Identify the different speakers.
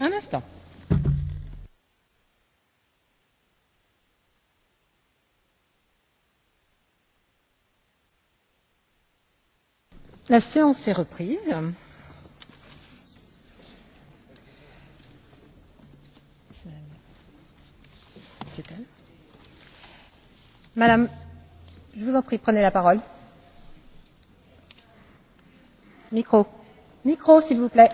Speaker 1: un instant. La séance est reprise.
Speaker 2: Madame, je vous en prie, prenez la parole. Micro.
Speaker 1: Micro, s'il vous plaît.